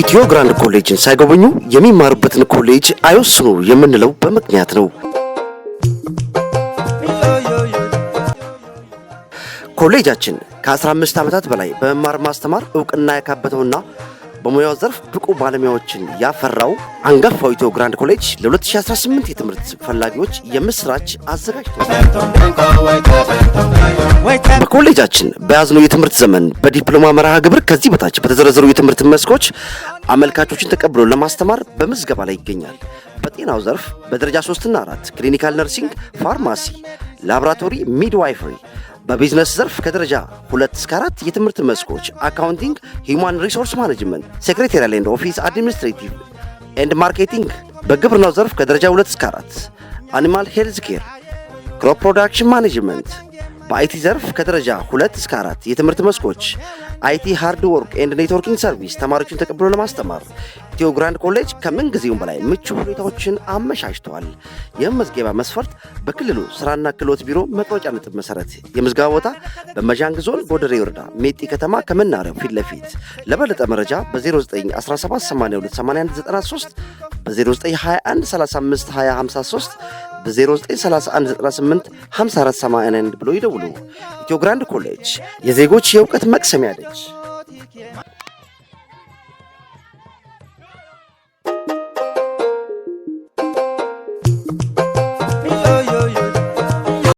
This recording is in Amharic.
ኢትዮ ግራንድ ኮሌጅን ሳይጎበኙ የሚማሩበትን ኮሌጅ አይወስኑ የምንለው በምክንያት ነው። ኮሌጃችን ከ15 ዓመታት በላይ በመማር ማስተማር እውቅና ያካበተውና በሙያው ዘርፍ ብቁ ባለሙያዎችን ያፈራው አንጋፋው ኢትዮ ግራንድ ኮሌጅ ለ2018 የትምህርት ፈላጊዎች የምስራች አዘጋጅቷል። በኮሌጃችን በያዝነው የትምህርት ዘመን በዲፕሎማ መርሃ ግብር ከዚህ በታች በተዘረዘሩ የትምህርት መስኮች አመልካቾችን ተቀብሎ ለማስተማር በምዝገባ ላይ ይገኛል። በጤናው ዘርፍ በደረጃ 3ና 4 ክሊኒካል ነርሲንግ፣ ፋርማሲ፣ ላብራቶሪ፣ ሚድዋይፈሪ በቢዝነስ ዘርፍ ከደረጃ ሁለት እስከ አራት የትምህርት መስኮች አካውንቲንግ፣ ሂውማን ሪሶርስ ማኔጅመንት፣ ሴክሬታሪያል ኤንድ ኦፊስ አድሚኒስትሬቲቭ ኤንድ ማርኬቲንግ። በግብርናው ዘርፍ ከደረጃ ሁለት እስከ አራት አኒማል ሄልዝ ኬር፣ ክሮፕ ፕሮዳክሽን ማኔጅመንት በአይቲ ዘርፍ ከደረጃ ሁለት እስከ አራት የትምህርት መስኮች አይቲ ሃርድ ወርክ ኤንድ ኔትወርኪንግ ሰርቪስ ተማሪዎችን ተቀብሎ ለማስተማር ኢትዮ ግራንድ ኮሌጅ ከምን ጊዜውም በላይ ምቹ ሁኔታዎችን አመሻሽተዋል። መዝገባ መስፈርት በክልሉ ስራና ክህሎት ቢሮ መቅረጫ ነጥብ መሰረት የምዝገባ ቦታ በመዣንግ ዞን ጎደሬ ወረዳ ሜጢ ከተማ ከመናሪያው ፊት ለፊት ለበለጠ መረጃ በ0917828193 በ 0921352553 በ093198 5481 ብሎ ይደውሉ። ኢትዮ ግራንድ ኮሌጅ የዜጎች የእውቀት መቅሰሚያ ነች።